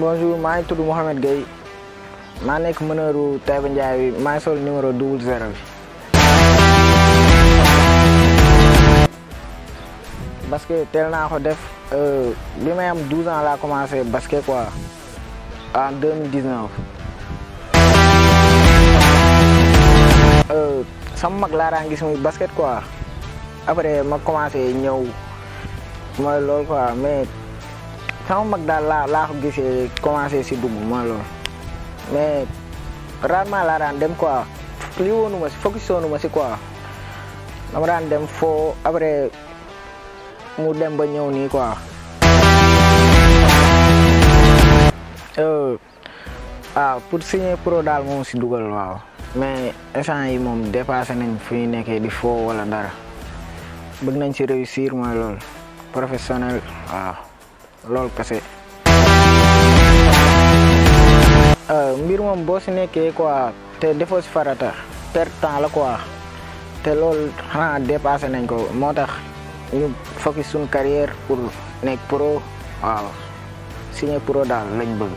bonjour maa ngi tudd Mouhamed Gueye maa nekk mëneeru Taïba Ndiaye bi maa sol numéro double zéro bi. basket teel naa ko def bi euh, may am 12 ans laa commencé basket quoi en 2019. Euh, sama mag laa daan gis basket quoi après ma commencé ñëw mooy loolu quoi mais. Sama Magdala lah ko gisee commencé si dugg ma me ran mala laa kwa dem quoi li woonuma si focus woonuma si quoi dama daan dem foo abre mu dem ba eh, ah pour signer pro dal moom si dugal waaw mais instant yi mom dépassé nañ fu ñu nekké di fo wala dara bëgn nañ si réussir mooy lool professionnel ah लोल कसे मेरे मां बॉस ने के को ते डिफोस फराता पर ताल को ते लोल हाँ दे पास ने को मोटा यू फोकस उन करियर पुर ने पुरो आ सीने पुरो डाल लेग बग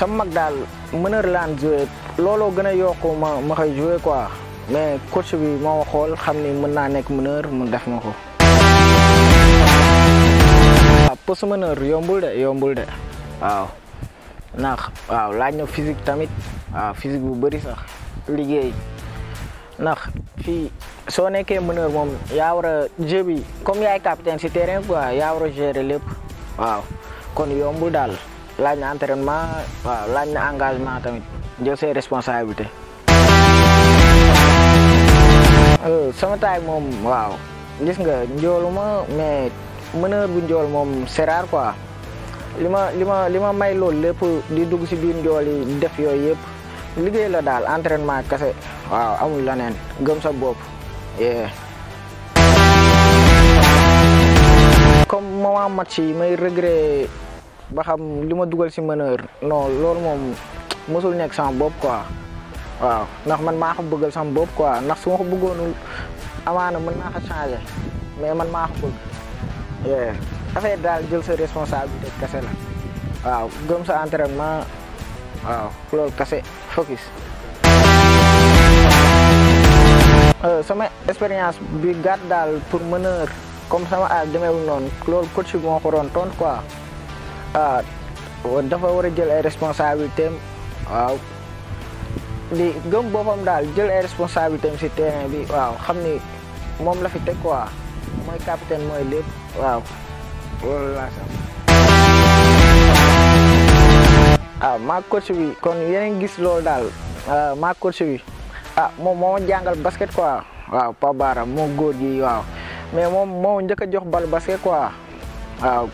सम्मक डाल मनर लांड जो लोलो गने यो को मां मखे जो को मैं कुछ भी मां खोल खामनी मना ने क semaneer yombul de yombul de waaw ndax waaw laaj na physique tamit waaw physique bu bëri sax liggéey ndax fii soo nekkee meneur moom yaa war a comme yaay capitaine si terrain quoi yaa war a gérer lépp waaw kon yombul daal laaj na entraînement waaw laaj na engagement tamit jël ses responsabilités. Euh, sama waaw gis nga njooluma mais. meneur bu mom mom c'est rare quoi lima lima lima may lol lepp di dugg si biir njool yi def yoy yep liggéey la dal entraînement kasse waaw amul lanen gëm sa bop yeah. comme mama match yi may regret ba xam lima duggal dugal si meneur non lor mom musul nek sama bop quoi waaw nak man maa ko bëggal sama bop quoi nak su ma ko bëggonul amana man na ko changer mais man bëgg affaire daal jël sa responsabilité kase la waaw gëm sa entraînement waaw loolu kase focus. Euh, sama expérience bi gàtt daal pour meneur comme sama aay demeewul noonu loolu coach bi moo ko doon tontu quoi ah, dafa war a jël ay responsabilités waaw. di gëm boppam daal jël ay responsabilités si terrain bi waaw xam ni moom la fi teg quoi mooy capitaine mooy lépp. waaw loolu laa sam ah maa coach bi kon yeneen gis loolu daal ah, maa coach bi ah moom moo jàngal basket quoi waaw Pa moo góor gi waaw mais moom moo njëkk a jox bal basket quoi waaw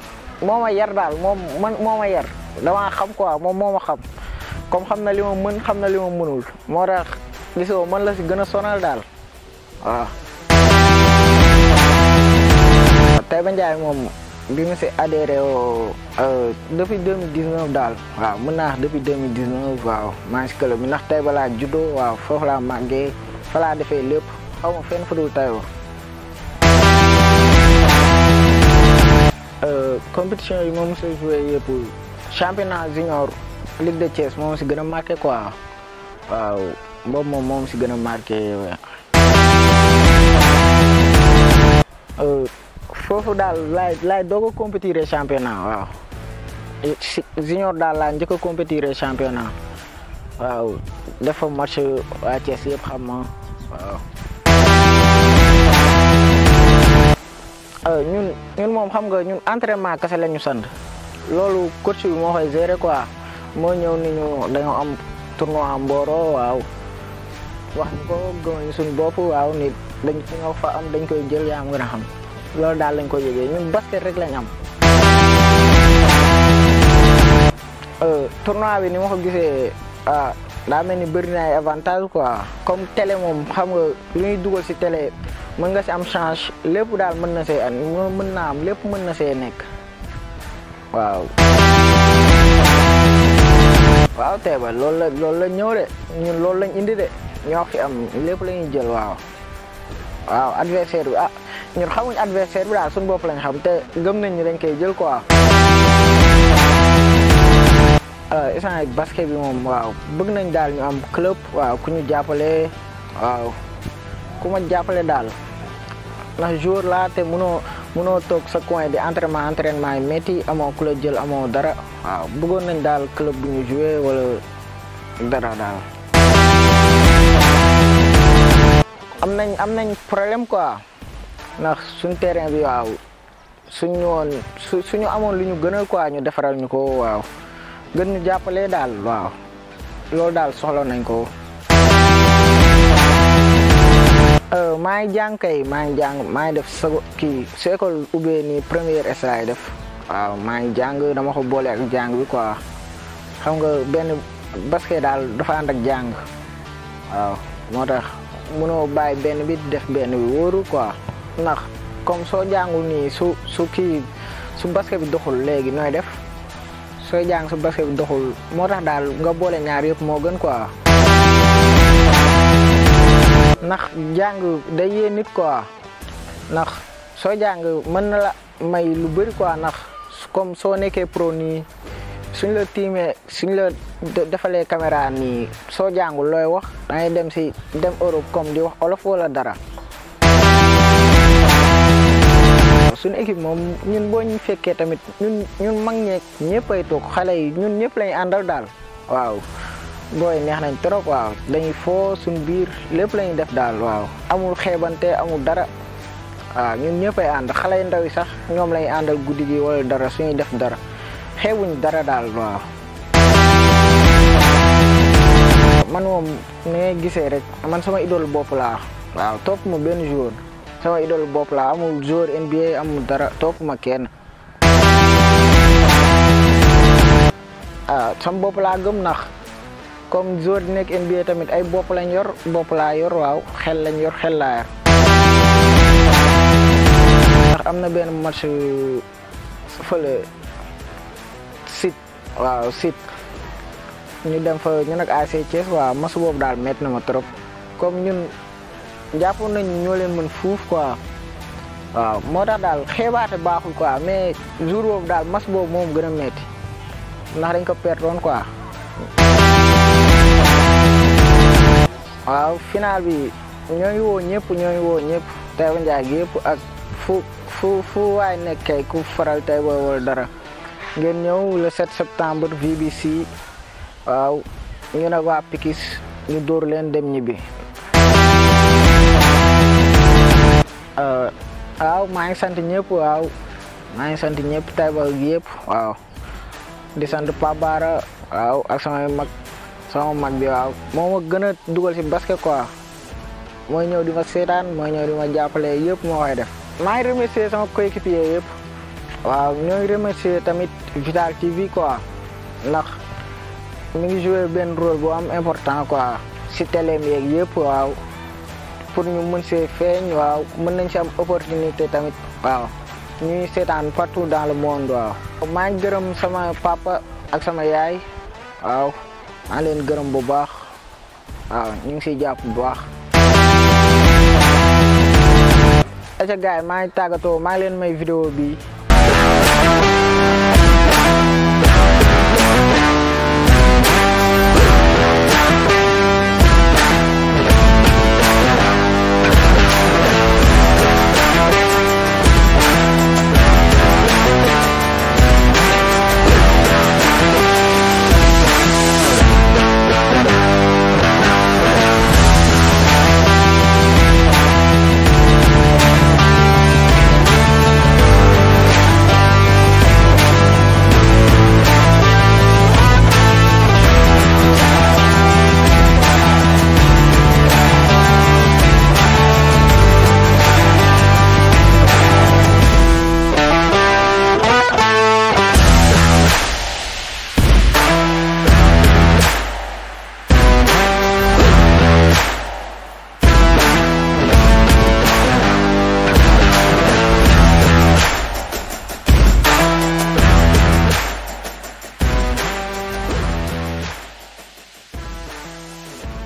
moo ma yar daal moom man moo ma yar damaa xam quoi moom moo ma xam comme xam na li ma mën xam na li ma mënul moo tax gisoo man la si gën a sonal daal waaw Taïba Ndiaye moom bi ma si adhéré woo euh, depuis 2019 daal waaw mën naa wax depuis 2019 waaw maa si club bi ndax Taïba balaa juddoo waaw foofu laa màggee fa laa defee lépp xaw ma fenn fu dul Taïba. Euh, compétition yi moom si joué yëpp championnat junior Ligue de Thiès moom si gën a marqué quoi waaw boobu moom moom si gën a marqué. Euh, foofu daal laay laay doog a compétir championnat waaw junior daal laa njëkk a compétir championnat waaw dafa match waa Thiès yëpp xam ma waaw euh, ñun ñun moom xam nga ñun entraînement kese la ñu sant loolu coach bi moo koy gérer quoi moo ñëw ni ñu dañoo am tournoi Mboro waaw wax ñu ko gëmal ñu suñu bopp waaw ni dañ fi nga fa am dañ koy jël yaa am gën a xam loolu daal lañ ko yëgee ñun basket rek lañ am tournoi bi ni ma ko gisee daa mel ni bëri na ay avantage comme télé moom xam nga lu ñuy dugal si télé mën nga si am change lépp daal mën na see an mën naa am lépp mën na see nekk waaw waaw teeba loolu la loolu ah ñun xamuñ adversaire bi daal suñu bopp lañ xam te gëm nañ ni dañ koy jël quoi. instant ak basket bi moom waaw bëgg nañ daal ñu am club waaw ku ñu jàppale waaw ku ma jàppale daal ndax jour laa te mënoo mënoo toog sa coin di entraînement entraînement yi métti amoo ku jël amoon dara waaw bëggoon nañ daal club bu ñu joué wala dara daal. am nañ am nañ problème quoi. ndax suñ terrain bi waaw suñ woon su suñu amoon lu ñu gënal quoi ñu defaral ñu ko waaw gën ñu jàppale daal waaw loolu daal soxla nañ ko. Euh, maa ngi jàng kay maa ngi jàng maa ngi def sa kii su école ubbee nii première essai def waaw maa ngi jàng dama ko boole ak jàng bi quoi xam nga benn basket daal dafa ànd ak jàng waaw moo tax mënoo bàyyi benn bi def benn bi wóoru quoi. ndax comme soo jàngu nii su su kii su basket bi doxul léegi nooy def sooy jàng su basket bi doxul moo tax daal nga boole ñaar yëpp moo gën quoi. ndax jàng day yee nit quoi ndax soo jàng mën na la may lu bëri quoi ndax comme soo nekkee pro nii suñ la tiimee suñ la defalee caméra nii soo jàngul looy wax dangay dem si dem Europe kom di wax olof wala dara. équipe moom ñun boñ féké tamit ñun ñun mag ñeeg ñëpp ay toog xale yi ñun ñepp lañ andal dal waaw boy neex nañ trop waaw dañuy fo suñ biir lepp lañ def dal waaw amul xébanté amul dara ah ñun ñëpp ay ànd xale ndaw yi sax ñom lañ andal guddigi wala dara suñuy def dara xewuñ dara dal waaw man mom ne gisé rek man sama idole bop la waaw top mo ben jour sama idol Bob lah amul zur NBA amul dara top makin ah sama bopp lah gëm nak kom zur nek NBA tamit ay bopp lah nyor bopp lah yor waaw xel lah nyor xel lah yor ndax am na benn match fële sit waaw sit ñu dem fa ñu nak AC Thiès waaw match boobu dal met na ma trop comme ñun jàppoon nañ ñoo leen mën fuuf quoi waaw moo tax daal xeebaate baaxul quoi mais jour boobu daal mas boobu moom gën a metti ndax dañ ko pertoon quoi. waaw final bi ñoo woo ñëpp ñoo woo ñëpp Taïba njaag yépp ak fu fu fu waay nekkee ku faral Taïba wala dara ngeen ñëw le 7 septembre VBC waaw ñu nag waa Pikis ñu dóor leen dem ñibbi. waaw maa ngi sant ñëpp waaw maa ngi sant ñëpp Taïba gi waaw di sant Pape Bara waaw ak mag sama mag bi waaw moo ma gën a dugal si basket quoi mooy ñëw di ma seetaan mooy ñëw di ma jàppale yëpp moo koy def. maa ngi remercier sama coéquipier yëpp waaw ñoo ngi remercier tamit Vital TV quoi ndax mi ngi joué benn rôle bu am important quoi si télé yeeg yëpp waaw. pour ñu mën ci feeñ waaw mën nañ ci am opportunité tamit waaw ñuy sétane partout dans le monde waaw ma ngi sama papa ak sama yaay waaw ma leen gërëm bu baax waaw ñu ngi ci japp bu baax aca gaay ma ngi tàggatoo maa leen may vidéo bi